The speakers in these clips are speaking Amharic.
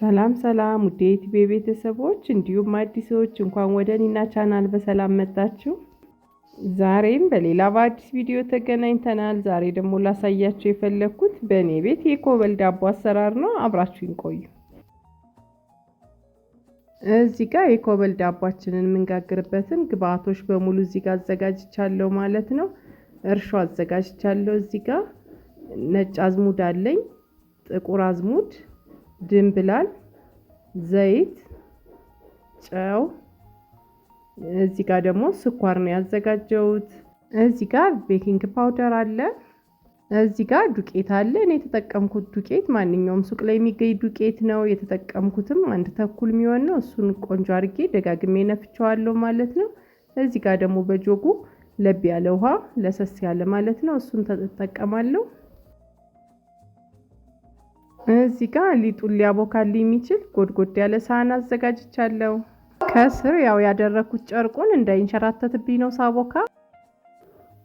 ሰላም ሰላም ውዴ ቲቤ ቤተሰቦች እንዲሁም አዲሶች እንኳን ወደ ቻናል በሰላም መጣችሁ። ዛሬም በሌላ በአዲስ ቪዲዮ ተገናኝተናል። ዛሬ ደግሞ ላሳያችሁ የፈለግኩት በእኔ ቤት የኮበል ዳቦ አሰራር ነው። አብራችሁኝ ቆዩ። እዚህ ጋር የኮበል ዳቧችንን የምንጋግርበትን ግብአቶች በሙሉ እዚህ ጋር አዘጋጅቻለሁ ማለት ነው። እርሾ አዘጋጅቻለሁ። እዚህ ጋር ነጭ አዝሙድ አለኝ፣ ጥቁር አዝሙድ ድንብላል ዘይት ጨው እዚህ ጋር ደግሞ ስኳር ነው ያዘጋጀሁት። እዚህ ጋር ቤኪንግ ፓውደር አለ። እዚህ ጋር ዱቄት አለ። እኔ የተጠቀምኩት ዱቄት ማንኛውም ሱቅ ላይ የሚገኝ ዱቄት ነው። የተጠቀምኩትም አንድ ተኩል የሚሆን ነው። እሱን ቆንጆ አድርጌ ደጋግሜ ነፍቸዋለሁ ማለት ነው። እዚህ ጋር ደግሞ በጆጉ ለብ ያለ ውሃ ለሰስ ያለ ማለት ነው። እሱን ተጠቀማለሁ። እዚህ ጋር ሊጡን ሊያቦካል የሚችል ጎድጎድ ያለ ሳህን አዘጋጅቻለሁ። ከስር ያው ያደረኩት ጨርቁን እንዳይንሸራተትብኝ ነው ሳቦካ።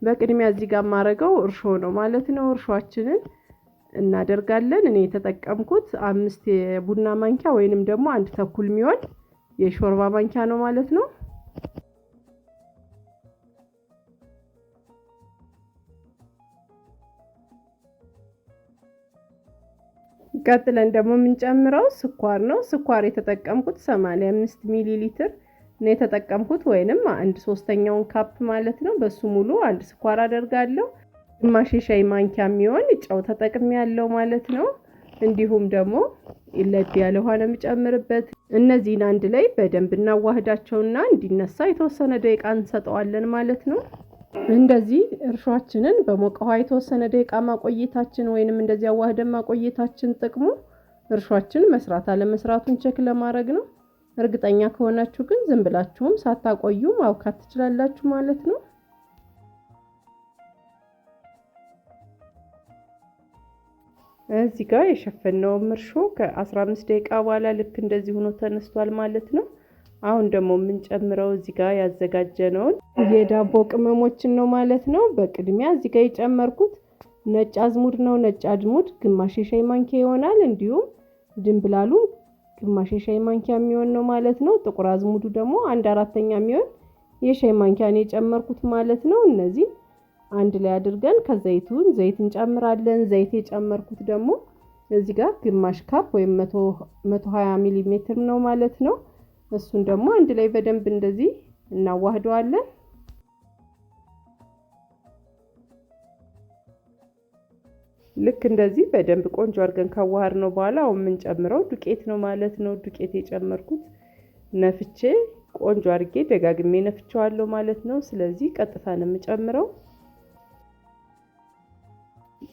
በቅድሚያ እዚህ ጋር የማደርገው እርሾ ነው ማለት ነው። እርሾችንን እናደርጋለን። እኔ የተጠቀምኩት አምስት የቡና ማንኪያ ወይንም ደግሞ አንድ ተኩል የሚሆን የሾርባ ማንኪያ ነው ማለት ነው። ቀጥለን ደግሞ የምንጨምረው ስኳር ነው። ስኳር የተጠቀምኩት 85 ሚሊ ሊትር ነው የተጠቀምኩት ወይንም አንድ ሶስተኛውን ካፕ ማለት ነው። በሱ ሙሉ አንድ ስኳር አደርጋለሁ። ግማሽ የሻይ ማንኪያ የሚሆን ጨው ተጠቅሜ ያለው ማለት ነው። እንዲሁም ደግሞ ለድ ያለ ውሃ ነው የምጨምርበት። እነዚህን አንድ ላይ በደንብ እናዋህዳቸውና እንዲነሳ የተወሰነ ደቂቃ እንሰጠዋለን ማለት ነው። እንደዚህ እርሾችንን በሞቀ ውሃ የተወሰነ ደቂቃ ማቆየታችን ወይንም እንደዚህ አዋህደን ማቆየታችን ጥቅሙ እርሾችን መስራት አለመስራቱን ቼክ ለማድረግ ነው። እርግጠኛ ከሆናችሁ ግን ዝም ብላችሁም ሳታቆዩ ማውካት ትችላላችሁ ማለት ነው። እዚህ ጋር የሸፈነውም እርሾ ከ15 ደቂቃ በኋላ ልክ እንደዚህ ሆኖ ተነስቷል ማለት ነው። አሁን ደግሞ የምንጨምረው እዚህ ጋር ያዘጋጀነውን የዳቦ ቅመሞችን ነው ማለት ነው። በቅድሚያ እዚህ ጋር የጨመርኩት ነጭ አዝሙድ ነው። ነጭ አዝሙድ ግማሽ የሻይ ማንኪያ ይሆናል። እንዲሁም ድንብላሉ ግማሽ የሻይ ማንኪያ የሚሆን ነው ማለት ነው። ጥቁር አዝሙዱ ደግሞ አንድ አራተኛ የሚሆን የሻይ ማንኪያ ነው የጨመርኩት ማለት ነው። እነዚህ አንድ ላይ አድርገን ከዘይቱን ዘይት እንጨምራለን። ዘይት የጨመርኩት ደግሞ እዚህ ጋር ግማሽ ካፕ ወይም መቶ ሀያ ሚሊ ሜትር ነው ማለት ነው። እሱን ደግሞ አንድ ላይ በደንብ እንደዚህ እናዋህደዋለን። ልክ እንደዚህ በደንብ ቆንጆ አድርገን ካዋሃድ ነው በኋላ አሁን የምንጨምረው ዱቄት ነው ማለት ነው። ዱቄት የጨመርኩት ነፍቼ ቆንጆ አድርጌ ደጋግሜ ነፍቼዋለሁ ማለት ነው። ስለዚህ ቀጥታ ነው የምጨምረው።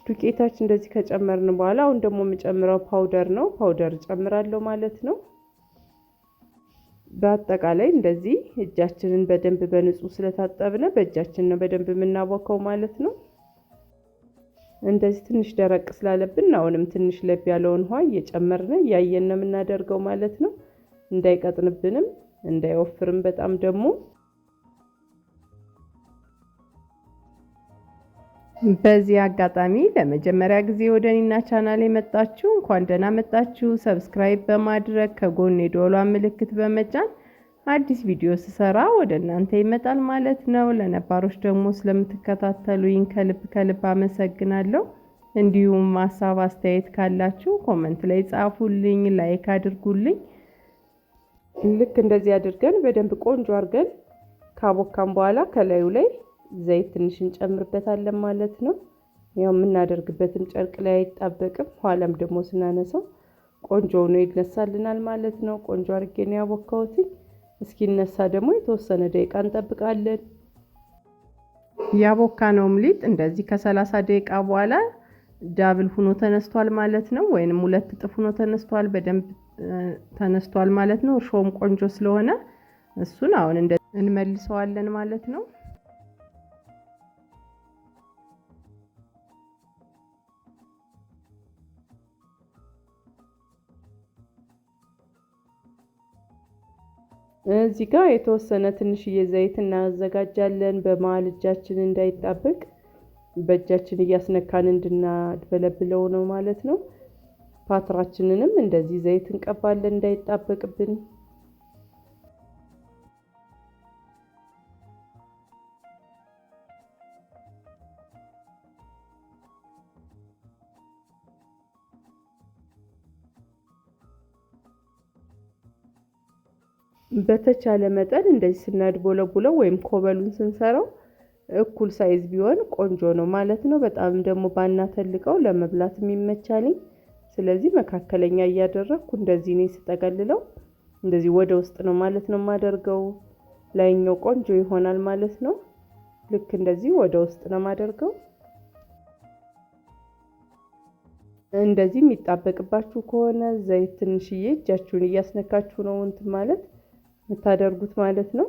ዱቄታችን እንደዚህ ከጨመርን በኋላ አሁን ደግሞ የምጨምረው ፓውደር ነው። ፓውደር እጨምራለሁ ማለት ነው። በአጠቃላይ እንደዚህ እጃችንን በደንብ በንጹህ ስለታጠብነ በእጃችን ነው በደንብ የምናቦከው ማለት ነው። እንደዚህ ትንሽ ደረቅ ስላለብን አሁንም ትንሽ ለብ ያለውን ውሃ እየጨመርነ እያየን ነው የምናደርገው ማለት ነው። እንዳይቀጥንብንም እንዳይወፍርም በጣም ደግሞ በዚህ አጋጣሚ ለመጀመሪያ ጊዜ ወደ እኔና ቻናል የመጣችሁ እንኳን ደህና መጣችሁ። ሰብስክራይብ በማድረግ ከጎን የዶሏ ምልክት በመጫን አዲስ ቪዲዮ ስሰራ ወደ እናንተ ይመጣል ማለት ነው። ለነባሮች ደግሞ ስለምትከታተሉኝ ከልብ ከልብ አመሰግናለሁ። እንዲሁም ሀሳብ አስተያየት ካላችሁ ኮመንት ላይ ጻፉልኝ፣ ላይክ አድርጉልኝ። ልክ እንደዚህ አድርገን በደንብ ቆንጆ አድርገን ካቦካን በኋላ ከላዩ ላይ ዘይት ትንሽ እንጨምርበታለን ማለት ነው። ያው የምናደርግበትም ጨርቅ ላይ አይጣበቅም፣ ኋላም ደግሞ ስናነሳው ቆንጆ ሆኖ ይነሳልናል ማለት ነው። ቆንጆ አድርጌ ነው ያቦካሁትኝ። እስኪነሳ ደግሞ የተወሰነ ደቂቃ እንጠብቃለን። ያቦካ ነውም ሊጥ እንደዚህ ከሰላሳ ደቂቃ በኋላ ዳብል ሁኖ ተነስቷል ማለት ነው። ወይንም ሁለት እጥፍ ሁኖ ተነስቷል። በደንብ ተነስቷል ማለት ነው። እርሾም ቆንጆ ስለሆነ እሱን አሁን እንደ እንመልሰዋለን ማለት ነው። እዚህ ጋር የተወሰነ ትንሽዬ ዘይት እናዘጋጃለን። በመሀል እጃችን እንዳይጣበቅ በእጃችን እያስነካን እንድናድበለብለው ነው ማለት ነው። ፓትራችንንም እንደዚህ ዘይት እንቀባለን እንዳይጣበቅብን። በተቻለ መጠን እንደዚህ ስናድቦለቡለው ወይም ኮበሉን ስንሰራው እኩል ሳይዝ ቢሆን ቆንጆ ነው ማለት ነው። በጣም ደግሞ ባናተልቀው ለመብላት የሚመቻልኝ። ስለዚህ መካከለኛ እያደረግኩ እንደዚህ ነው ስጠቀልለው እንደዚህ ወደ ውስጥ ነው ማለት ነው የማደርገው። ላይኛው ቆንጆ ይሆናል ማለት ነው። ልክ እንደዚህ ወደ ውስጥ ነው የማደርገው። እንደዚህ የሚጣበቅባችሁ ከሆነ ዘይት ትንሽዬ እጃችሁን እያስነካችሁ ነው እንትን ማለት የምታደርጉት ማለት ነው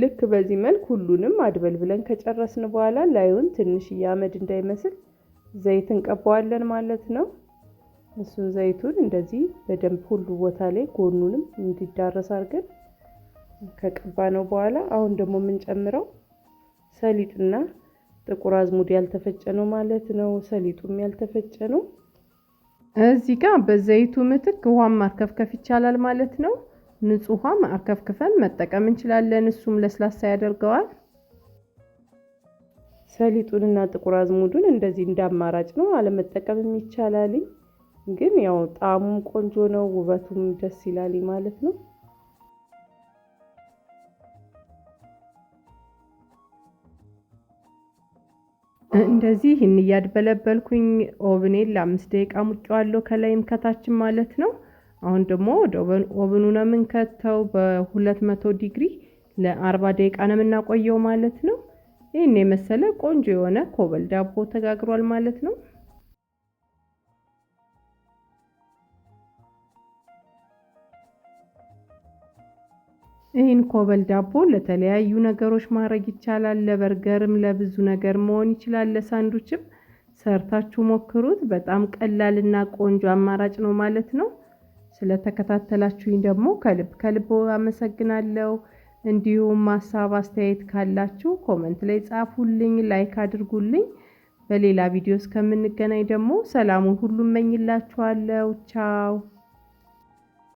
ልክ በዚህ መልክ ሁሉንም አድበል ብለን ከጨረስን በኋላ ላዩን ትንሽ እያመድ እንዳይመስል ዘይት እንቀባዋለን ማለት ነው። እሱን ዘይቱን እንደዚህ በደንብ ሁሉ ቦታ ላይ ጎኑንም እንዲዳረስ አድርገን ከቀባ ነው በኋላ አሁን ደግሞ የምንጨምረው ሰሊጥና ጥቁር አዝሙድ ያልተፈጨ ነው ማለት ነው። ሰሊጡም ያልተፈጨ ነው። እዚህ ጋር በዘይቱ ምትክ ውሃም ማርከፍከፍ ይቻላል ማለት ነው። ንጹህ ውሃ አርከፍክፈን መጠቀም እንችላለን። እሱም ለስላሳ ያደርገዋል። ሰሊጡንና ጥቁር አዝሙዱን እንደዚህ እንደ አማራጭ ነው አለመጠቀምም ይቻላል። ግን ያው ጣዕሙም ቆንጆ ነው፣ ውበቱም ደስ ይላል ማለት ነው። እንደዚህ እንያድበለበልኩኝ ኦቭኔን ለአምስት ደቂቃ ሙጫዋለሁ፣ ከላይም ከታችም ማለት ነው። አሁን ደግሞ ወደ ነው የምንከተው በ200 ዲግሪ ለአርባ ደቂቃ ነው የምናቆየው ማለት ነው። ይህን የመሰለ ቆንጆ የሆነ ኮበል ዳቦ ተጋግሯል ማለት ነው። ይህን ኮበል ዳቦ ለተለያዩ ነገሮች ማድረግ ይቻላል። ለበርገርም፣ ለብዙ ነገር መሆን ይችላል። ለሳንዱችም ሰርታችሁ ሞክሩት። በጣም ቀላልና ቆንጆ አማራጭ ነው ማለት ነው። ስለተከታተላችሁኝ ደግሞ ከልብ ከልብ አመሰግናለሁ። እንዲሁም ሀሳብ አስተያየት ካላችሁ ኮመንት ላይ ጻፉልኝ፣ ላይክ አድርጉልኝ። በሌላ ቪዲዮ እስከምንገናኝ ደግሞ ሰላሙን ሁሉ እመኝላችኋለሁ። ቻው